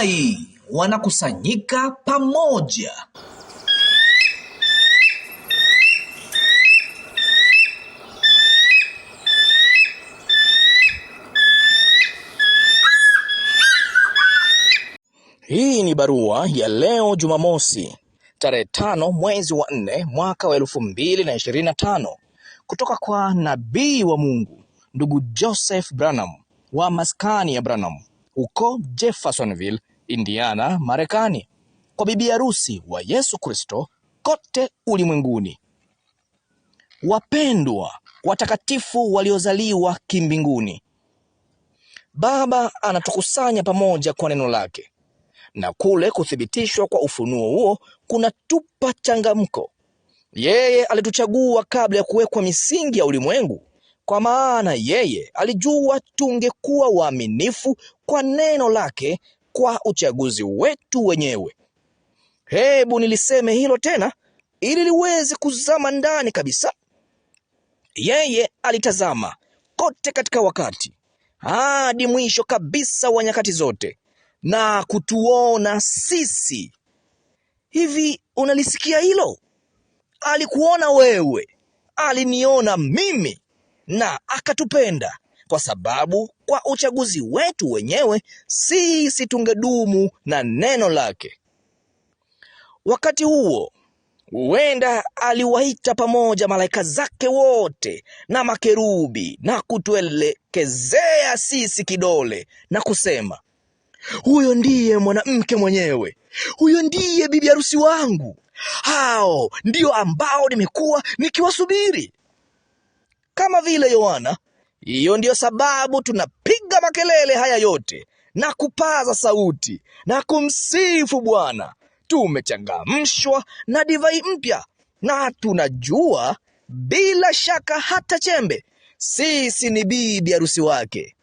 Tai wanakusanyika pamoja. Hii ni barua ya leo Jumamosi tarehe tano mwezi wa nne mwaka wa elfu mbili na ishirini na tano kutoka kwa nabii wa Mungu ndugu Joseph Branham wa maskani ya Branham huko Jeffersonville, Indiana, Marekani, kwa bibi harusi wa Yesu Kristo kote ulimwenguni. Wapendwa watakatifu waliozaliwa kimbinguni, Baba anatukusanya pamoja kwa neno lake, na kule kuthibitishwa kwa ufunuo huo kunatupa changamko. Yeye alituchagua kabla ya kuwekwa misingi ya ulimwengu kwa maana yeye alijua tungekuwa waaminifu kwa neno lake kwa uchaguzi wetu wenyewe. Hebu niliseme hilo tena ili liweze kuzama ndani kabisa. Yeye alitazama kote katika wakati hadi mwisho kabisa wa nyakati zote na kutuona sisi. Hivi unalisikia hilo? Alikuona wewe, aliniona mimi na akatupenda kwa sababu kwa uchaguzi wetu wenyewe sisi tungedumu na neno lake. Wakati huo huenda aliwaita pamoja malaika zake wote na makerubi na kutuelekezea sisi kidole na kusema, huyo ndiye mwanamke mwenyewe, huyo ndiye bibi harusi wangu, hao ndio ambao nimekuwa nikiwasubiri kama vile Yohana. Hiyo ndiyo sababu tunapiga makelele haya yote na kupaza sauti na kumsifu Bwana. Tumechangamshwa na divai mpya, na tunajua bila shaka hata chembe, sisi ni bibi harusi wake.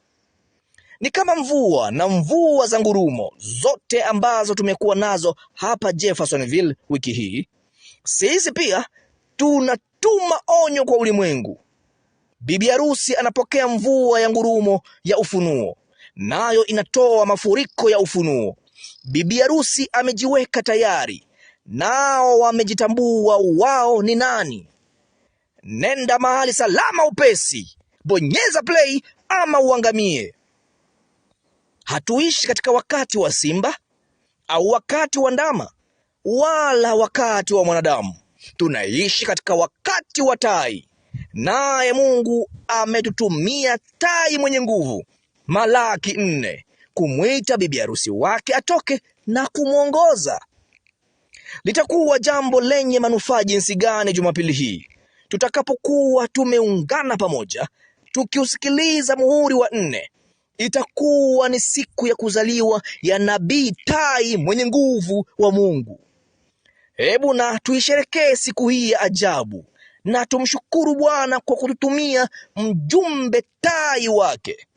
Ni kama mvua na mvua za ngurumo zote ambazo tumekuwa nazo hapa Jeffersonville wiki hii. Sisi pia tunatuma onyo kwa ulimwengu Bibi harusi anapokea mvua ya ngurumo ya ufunuo, nayo inatoa mafuriko ya ufunuo. Bibi harusi amejiweka tayari, nao wamejitambua wao ni nani. Nenda mahali salama upesi, bonyeza play ama uangamie. Hatuishi katika wakati wa simba au wakati wa ndama wala wakati wa mwanadamu. Tunaishi katika wakati wa tai naye Mungu ametutumia tai mwenye nguvu, Malaki nne, kumwita bibi harusi wake atoke na kumwongoza. Litakuwa jambo lenye manufaa jinsi gani Jumapili hii tutakapokuwa tumeungana pamoja tukiusikiliza muhuri wa nne. Itakuwa ni siku ya kuzaliwa ya nabii tai mwenye nguvu wa Mungu. Hebu na tuisherekee siku hii ya ajabu na tumshukuru Bwana kwa kututumia mjumbe tai wake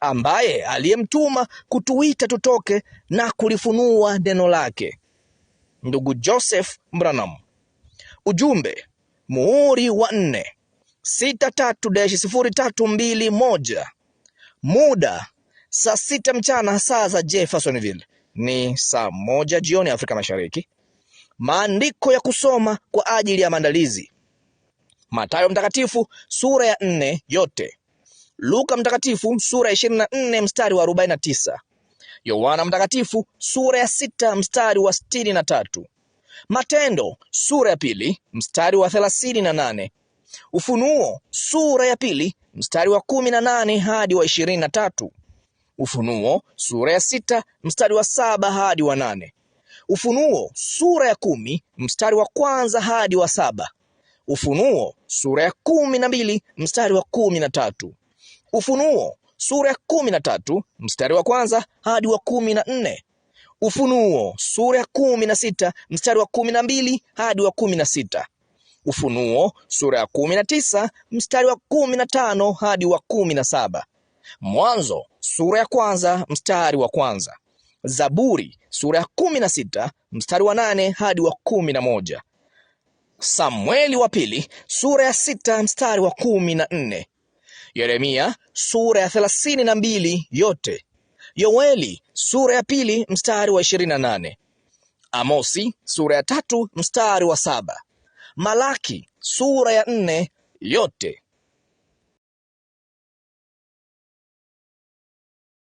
ambaye aliyemtuma kutuita tutoke na kulifunua neno lake, ndugu Joseph Branham. Ujumbe muhuri wa nne 63-0321 muda saa sita mchana saa za Jeffersonville ni saa moja jioni Afrika Mashariki. Maandiko ya kusoma kwa ajili ya maandalizi matayo mtakatifu sura ya nne yote, Luka mtakatifu sura ya ishirini na nne mstari wa arobaini na tisa Yohana mtakatifu sura ya sita mstari wa sitini na tatu Matendo sura ya pili mstari wa thelathini na nane Ufunuo sura ya pili mstari wa kumi na nane hadi wa ishirini na tatu Ufunuo sura ya sita mstari wa saba hadi wa nane Ufunuo sura ya kumi mstari wa kwanza hadi wa saba Ufunuo sura ya kumi na mbili mstari wa kumi na tatu. Ufunuo sura ya kumi na tatu mstari wa kwanza hadi wa kumi na nne. Ufunuo sura ya kumi na sita mstari wa kumi na mbili hadi wa kumi na sita. Ufunuo sura ya kumi na tisa mstari wa kumi na tano hadi wa kumi na saba. Mwanzo sura ya kwanza mstari wa kwanza. Zaburi sura ya kumi na sita mstari wa nane hadi wa kumi na moja. Samueli wa pili sura ya sita mstari wa kumi na nne Yeremia sura ya thelathini na mbili yote Yoeli sura ya pili mstari wa ishirini na nane Amosi sura ya tatu mstari wa saba Malaki sura ya nne yote